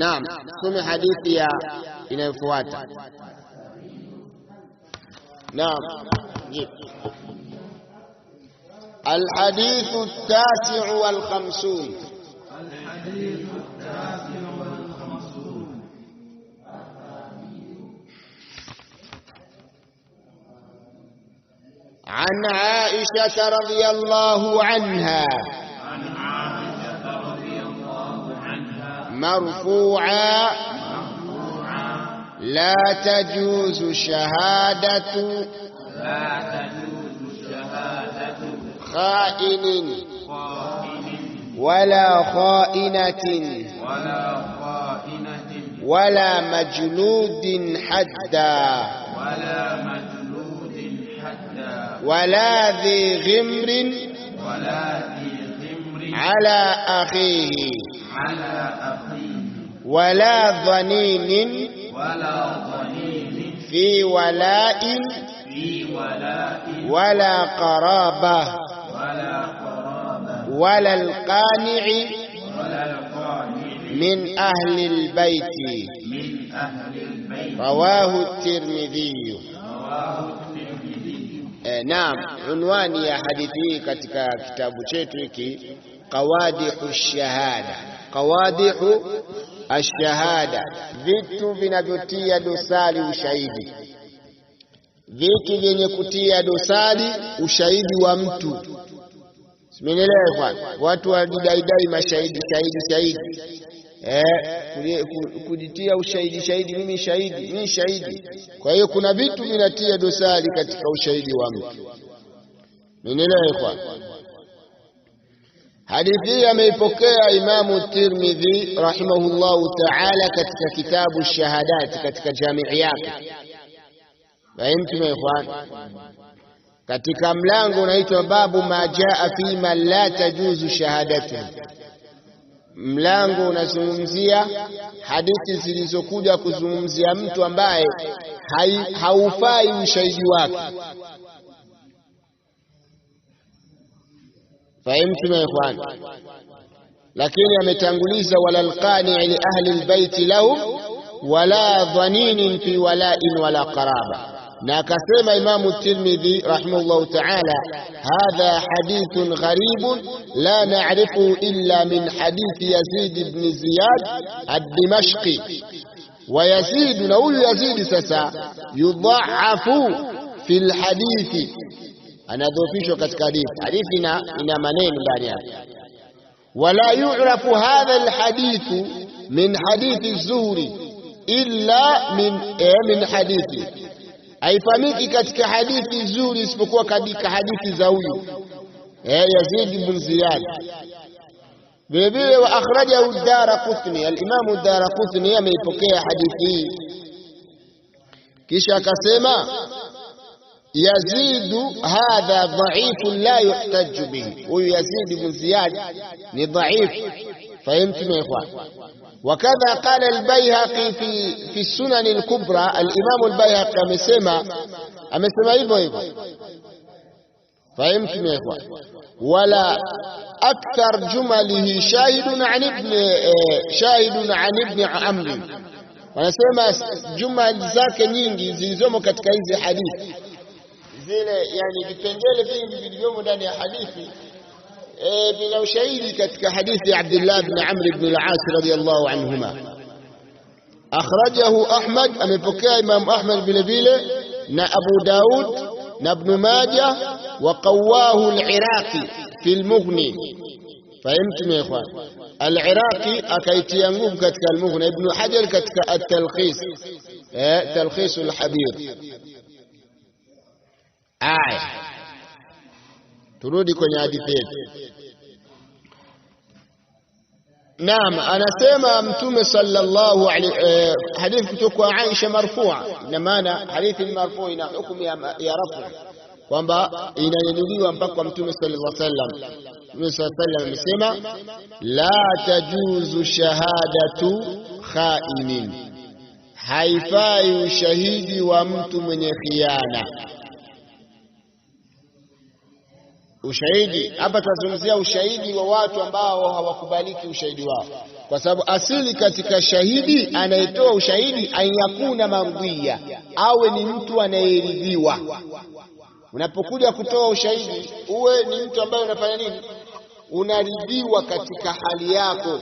نعم سمع حديثي إلى الفوات نعم الحديث التاسع والخمسون الحديث التاسع والخمسون عن عائشة رضي الله عنها مرفوعا لا تجوز شهادة لا تجوز شهادة خائن ولا خائنة ولا خائنة ولا مجلود حدا ولا مجلود حدا ولا ذي غمر ولا ذي غمر على أخيه ولا ظنين ولا ظنين في ولاء في ولاء ولا قرابة ولا قرابة ولا القانع ولا القانع من أهل البيت من أهل البيت رواه الترمذي رواه الترمذي آه نعم عنوان ya hadithi hii katika قوادح الشهادة qawadihu ashahada, vitu vinavyotia dosari ushahidi, vitu vyenye kutia dosari ushahidi wa mtu. Simenielewa bwana? Watu wajidaidai mashahidi, shahidi, shahidi, eh, kujitia ushahidi, shahidi, mimi shahidi, mimi shahidi. Kwa hiyo kuna vitu vinatia dosari katika ushahidi wa mtu. Simenielewa bwana? Hadithi hii ameipokea Imamu Tirmidhi rahimahullahu taala katika kitabu Shahadati katika jamii yake. Fahimtum ikhwan, katika mlango unaitwa babu ma jaa fi man la tajuzu shahadatuhu. Mlango unazungumzia hadithi zilizokuja kuzungumzia mtu ambaye haufai ushahidi wake فهمتم يا إخوان لكن يا يمتنغليز ولا القانع لأهل البيت له ولا ظنين في ولاء ولا قرابة ناكسيم إمام الترمذي رحمه الله تعالى هذا حديث غريب لا نعرفه إلا من حديث يزيد بن زياد الدمشقي ويزيد نقول يزيد سسا يضعف في الحديث anadhoofishwa katika hadithi. Hadithi ina, ina maneno ndani yake. wala yurafu hadha alhadithu min hadithi zuhri illa min, eh, min hadithi, haifamiki katika hadithi zuhri isipokuwa katika hadithi za huyu eh, Yazid ibn Ziyad. Vilevile wa akhrajahu Daraqutni, alimamu qutni ameipokea hadithi hii, kisha akasema يزيد هذا ضعيف لا يحتج به ويزيد بن زياد لضعيف فهمتم يا إخوان وكذا قال البيهقي في في السنن الكبرى الإمام البيهقي amesema amesema ايضا ايضا فهمتم يا إخوان ولا أكثر جمله شاهد عن ابن شاهد عن ابن عمرو wanasema جمل zake نينجي زي katika hizi حديث zile yani vipengele vingi vilivyomo ndani ya hadithi e, vina ushahidi katika hadithi ya Abdullah ibn Amr ibn al-As radiyallahu anhuma akhrajahu Ahmad amepokea Imam Ahmad vile vile na Abu Daud na Ibn Majah wa qawahu al-Iraqi fi al-Mughni fahimtum ya ikhwan al-Iraqi akaitia nguvu katika al-Mughni Ibn Hajar katika at-Talkhis eh Talkhis al-Habir aya turudi kwenye hadithi yetu Naam anasema mtume sallallahu alaihi hadithi kutoka kwa Aisha marfua ina maana hadithi marfua ina hukumu ya, ya rafu kwamba inanunuliwa mpaka kwa mtume sallallahu alaihi wasallam mtume sallallahu alaihi wasallam amesema la tajuzu shahadatu khainin haifai ushahidi wa mtu mwenye khiana ushahidi hapa tunazungumzia ushahidi wa watu ambao hawakubaliki ushahidi wao, kwa sababu asili katika shahidi anayetoa ushahidi anyakuna mamdhia, awe ni mtu anayeridhiwa. Unapokuja kutoa ushahidi uwe ni mtu ambaye unafanya nini, unaridhiwa katika hali yako.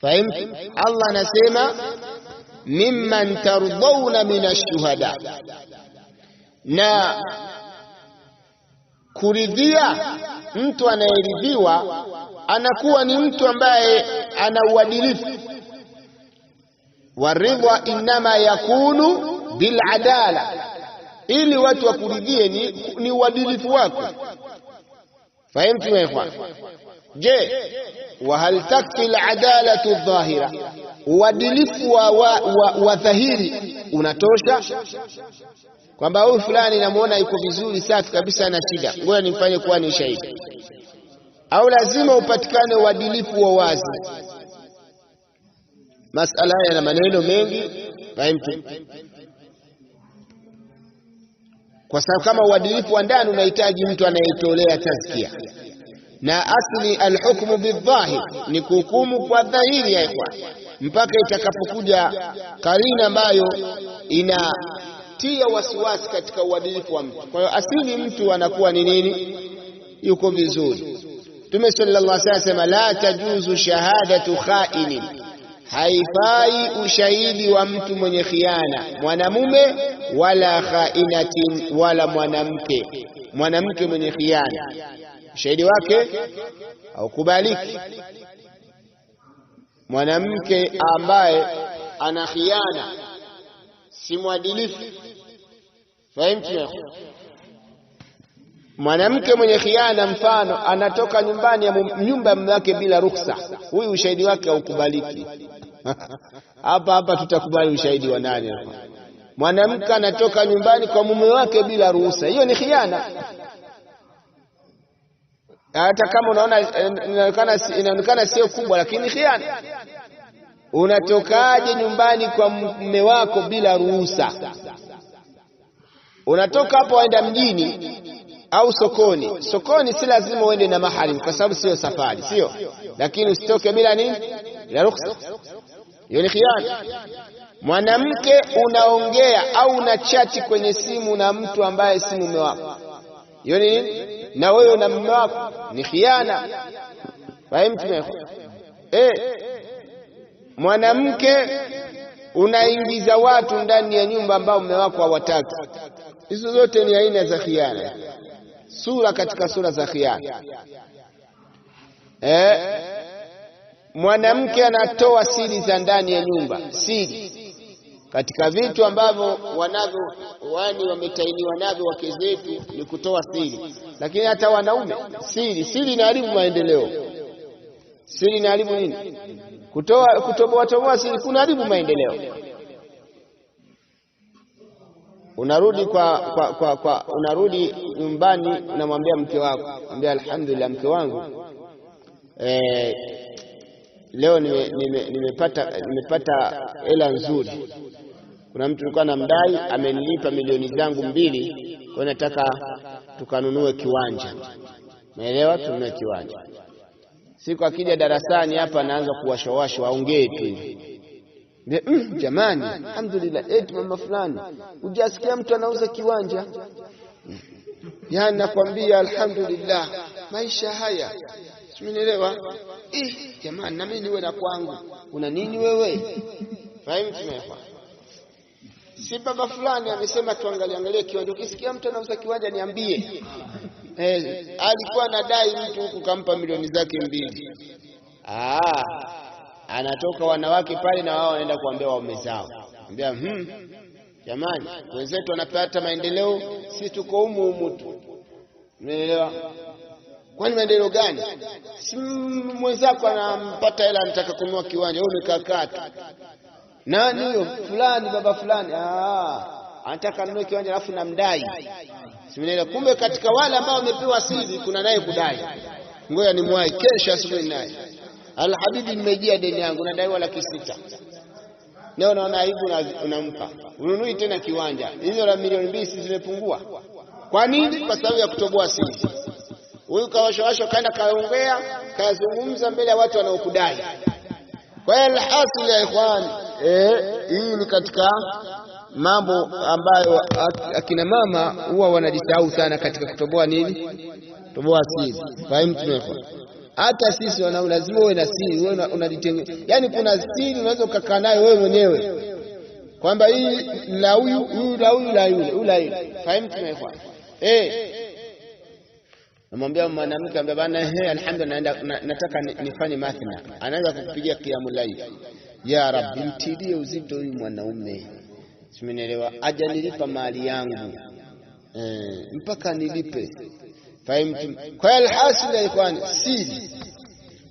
Fahimu? Allah anasema mimman tardhauna minash shuhada na kuridhia mtu anayeridhiwa anakuwa ni mtu ambaye ana uadilifu. Waridha inama yakunu biladala, ili watu wakuridhie ni, ni uadilifu wako. fahimtu ya Je, wa hal takfi aladalatu dhahira, uadilifu wa, wa, wa, wa dhahiri unatosha? kwamba huyu fulani namuona yuko vizuri safi kabisa, ana shida, ngoja nimfanye kuwa ni shahidi. Au lazima upatikane uadilifu wa wazi. Masala yana maneno mengi fahimtu, kwa sababu kama uadilifu wa ndani unahitaji mtu anayetolea tazkia, na asli alhukmu bildhahir ni kuhukumu kwa dhahiri ya ikhwan, mpaka itakapokuja karina ambayo ina tia wasiwasi katika uadilifu wa mtu. Kwa hiyo asili mtu anakuwa ni nini? Yuko vizuri. Mtume sallallahu alaihi wasallam, la tajuzu shahadatu khainin, haifai ushahidi wa mtu mwenye khiana, mwanamume wala khainatin, wala mwanamke, mwanamke mwenye khiana, ushahidi wake haukubaliki. Mwanamke ambaye ana khiana si mwadilifu. ya mwanamke mwenye khiana, mfano anatoka nyumbani ya nyumba ya mume wake bila ruksa, huyu ushahidi wake haukubaliki. Hapa hapa tutakubali ushahidi wa nani? Hapa mwanamke anatoka nyumbani kwa mume wake bila ruhusa, hiyo ni khiana. Hata kama unaona eh, inaonekana sio kubwa, lakini khiana Unatokaje nyumbani kwa mume wako bila ruhusa? Unatoka hapo waenda mjini au sokoni. Sokoni si lazima uende na maharimu, kwa sababu sio safari, sio. Lakini usitoke bila nini? Bila ruhusa. Hiyo ni khiana. Mwanamke unaongea au una chati kwenye simu na mtu ambaye si mume wako, hiyo ni nini? Na wewe na mume wako ni khiana. Fahimu? Eh mwanamke unaingiza watu ndani ya nyumba ambao mume wako hawataki. Hizo zote ni aina za khiana, sura katika sura za khiana. Eh, mwanamke anatoa siri za ndani ya nyumba, siri katika vitu ambavyo wanavyo wani wametainiwa navyo wake zetu ni kutoa siri, lakini hata wanaume siri, siri inaharibu maendeleo, siri inaharibu nini kutoa kutoboa toboa si kunaharibu maendeleo. Unarudi kwa, kwa, kwa, kwa unarudi nyumbani, unamwambia mke wako, mwambia alhamdulillah, mke wangu eh, leo nimepata nime, nimepata hela nzuri. Kuna mtu alikuwa anamdai, amenilipa milioni zangu mbili, kwa nataka tukanunue kiwanja. Naelewa, tununue kiwanja Siku akija darasani hapa anaanza kuwashawashwa waongee tu mm, jamani, alhamdulillah eti eh, mama fulani, hujasikia mtu anauza kiwanja yani? Nakwambia alhamdulillah, maisha haya simenielewa. Eh, jamani, nami niwe na kwangu, una nini wewe? Fahimtumekwa si baba fulani amesema tuangalie angalie kiwanja. Ukisikia mtu anauza kiwanja niambie eh, alikuwa anadai mtu huku kampa milioni zake mbili. Ah, anatoka wanawake pale na wao wanaenda kuambia waume zao, ambia hmm, jamani, wenzetu wanapata maendeleo, sisi tuko humu humu tu. Umeelewa? Kwani maendeleo gani? Si mwenzako anampata hela, anataka kununua kiwanja, wewe umekakaa tu. Nani huyo? Fulani, baba fulani. Ah, anataka anunue kiwanja alafu namdai, simuelewa. Kumbe katika wale ambao wamepewa siri kuna naye kudai, ngoja nimwahi kesho asubuhi naye Alhabibi, nimejia deni yangu nadaiwa laki sita. Leo naona aibu unampa, ununui tena kiwanja. Hizo la milioni mbili si zimepungua? Kwa nini? Kwa sababu ya kutoboa siri. Huyu kawashawasha, kaenda kaongea, kazungumza mbele ya watu wanaokudai. Kwa hiyo alhasil ya ikhwan, eh, hii ni katika mambo ambayo akina mama huwa wanajisahau sana katika kutoboa nini, kutoboa siri. Fahimu tumefa hata sisi wanaume lazima uwe na siri, uwe unajitengeneza. Yani kuna siri unaweza ukakaa nayo wewe mwenyewe kwamba hii la huyu huyu la huyu la yule ula ile. Fahimu tumefa eh Namwambia mwanamke ambaye bana, ehe, eh, alhamdulillah, nataka nifanye mathna, anaanza kukupigia kiamu laili. Ya Rabbi, mtilie uzito huyu mwanaume simenelewa, aja nilipa mali yangu e, mpaka nilipe. Fahimu. Kwa hiyo alhasil alikuwa ni siri.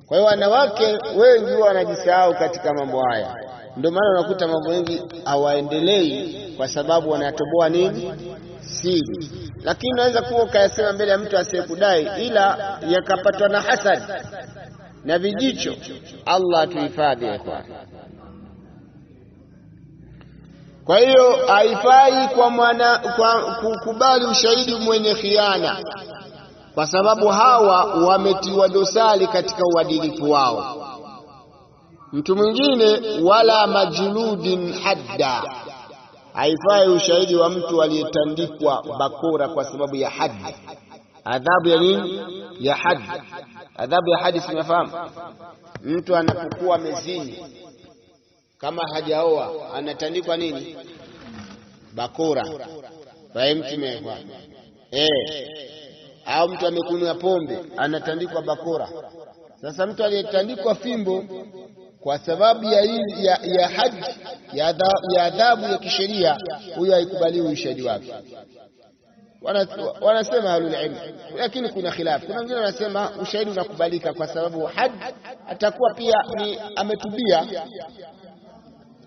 Kwa hiyo wanawake wengi huwa wanajisahau katika mambo haya, ndio maana unakuta mambo mengi hawaendelei kwa sababu wanatoboa nini siri. Lakini unaweza kuwa ukayasema mbele ya mtu asiyekudai, ila yakapatwa na hasad na vijicho. Allah atuhifadhi ikhwan. Kwa hiyo haifai kwa mwana kwa kukubali ushahidi mwenye khiana, kwa sababu hawa wametiwa dosari katika uadilifu wao. Mtu mwingine wala majuludin hadda, haifai ushahidi wa mtu aliyetandikwa bakora kwa sababu ya haddi, adhabu ya nini? Ya haddi, adhabu ya hadi Sinafahamu mtu anapokuwa mezini kama hajaoa anatandikwa nini? Bakora fae mtume eh, au mtu amekunywa pombe anatandikwa bakora. Sasa mtu aliyetandikwa fimbo kwa sababu ya ya, ya haji ya adhabu ya, kisheria, huyo haikubaliwi ushahidi wake. Wanasema ahlul ilm, lakini kuna khilafu. Kuna wengine wanasema ushahidi unakubalika kwa sababu haji atakuwa pia ni ametubia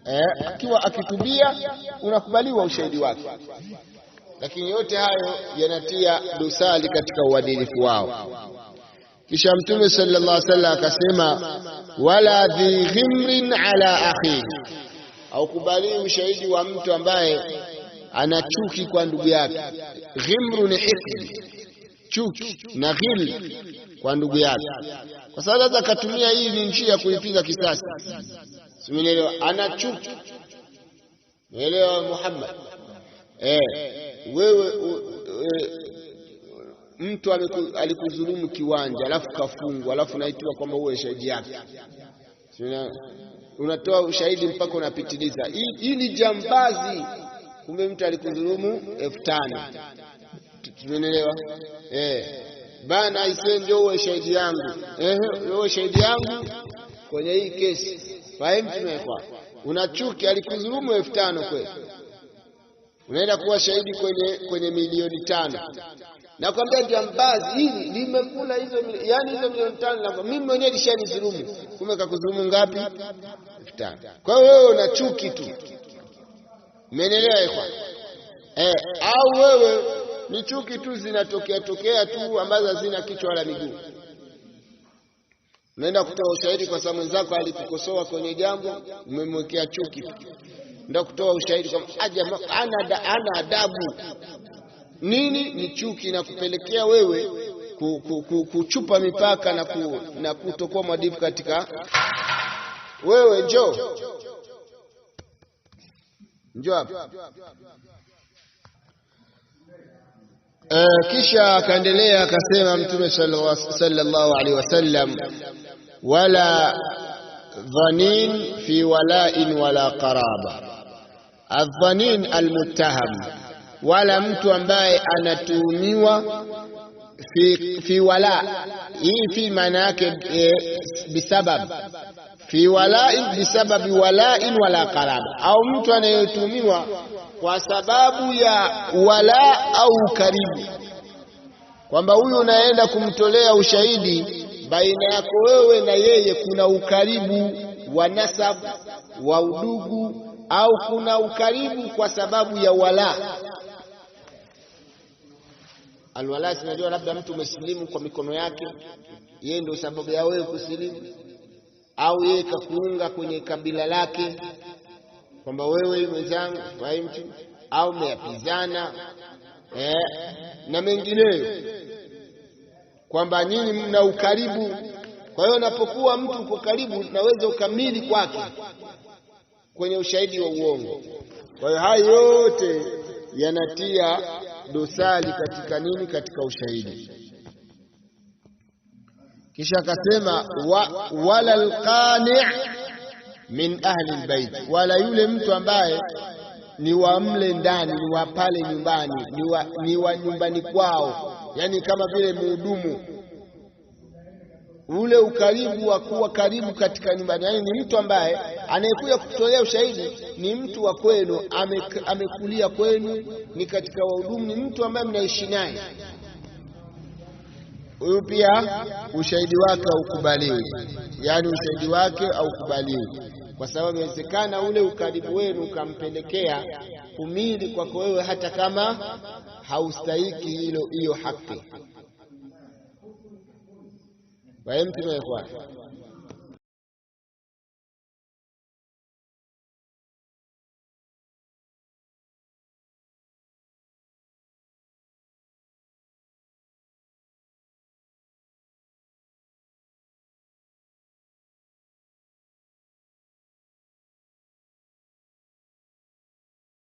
eh, akiwa akitubia unakubaliwa ushahidi wake, lakini yote hayo yanatia dosari katika uadilifu wao. Kisha Mtume sallallahu alaihi wasallam akasema, wala dhi ghimrin ala akhihi, haukubaliwi ushahidi wa mtu ambaye ana chuki kwa ndugu yake. Ghimru ni hisdi, chuki na ghil kwa ndugu yake, kwa sababu akatumia hii ni njia ya kulipiza kisasi simenielewa, ana chuki meelewa Muhammad. Eh, wewe mtu alikudhulumu kiwanja alafu kafungwa, alafu naitiwa kwamba wewe shahidi yake, unatoa ushahidi mpaka unapitiliza, hii ni jambazi, kumbe mtu alikudhulumu elfu tano. Tumeelewa eh? Bana, isee, ndio wewe shahidi yangu, eh, uwe shahidi yangu kwenye hii kesi Fahimu tumewekwa. Una chuki, alikudhulumu elfu tano kweli, unaenda kuwa shahidi kwenye kwenye milioni tano. Nakwambia jambazi hili limekula hizo, yani hizo milioni tano mimi mwenyewe lishanidhulumu, kumbe kakudhulumu ngapi? elfu tano. Kwa hiyo wewe una chuki tu, umenielewa ikhwan? Eh, au wewe ni chuki tu zinatokea tokea tu ambazo hazina kichwa wala miguu. Unaenda kutoa ushahidi kwa sababu mwenzako alikukosoa kwenye jambo, umemwekea chuki, ndio kutoa ushahidi kwa jamaa ana ana adabu. Nini ni chuki, na kupelekea wewe kuchupa mipaka na, ku, na kutokuwa mwadibu katika wewe. njo njo hapa. E, kisha akaendelea akasema Mtume sallallahu alaihi wasallam wala dhanin fi wala'in wala qaraba. Adhanin almuttaham, wala mtu ambaye anatuhumiwa fi, fi wala hii fi maana yake e, bisabab fi walai bisababi walain wala qaraba, au mtu anayetuhumiwa kwa sababu ya wala au karibu, kwamba huyu unaenda kumtolea ushahidi baina yako wewe na yeye kuna ukaribu wa nasab wa udugu, au kuna ukaribu kwa sababu ya wala alwala sinajua, labda mtu umesilimu kwa mikono yake, yeye ndio sababu ya wewe kusilimu, au yeye kakuunga kwenye kabila lake, kwamba wewe mwenzangu au meapizana eh, na mengineyo kwamba nyinyi mna ukaribu. Kwa hiyo unapokuwa mtu uko karibu, naweza ukamili kwake kwenye ushahidi wa uongo. Kwa hiyo haya yote yanatia dosari katika nini? Katika ushahidi. Kisha akasema wa, wala alqani' min ahli albayt, wala yule mtu ambaye ni wa mle ndani, ni wa pale nyumbani, ni wa, ni wa nyumbani kwao yani kama vile mhudumu, ule ukaribu wa kuwa karibu katika nyumbani, yani ni mtu ambaye anayekuja kutolea ushahidi ni mtu wa kwenu, ame, amekulia kwenu, ni katika wahudumu, ni mtu ambaye mnaishi naye huyu pia ushahidi wake haukubaliwi, yani ushahidi wake haukubaliwi kwa sababu inawezekana ule ukaribu wenu ukampelekea kumili kwako wewe, hata kama haustahiki hilo hiyo haki. Waye ya mwenye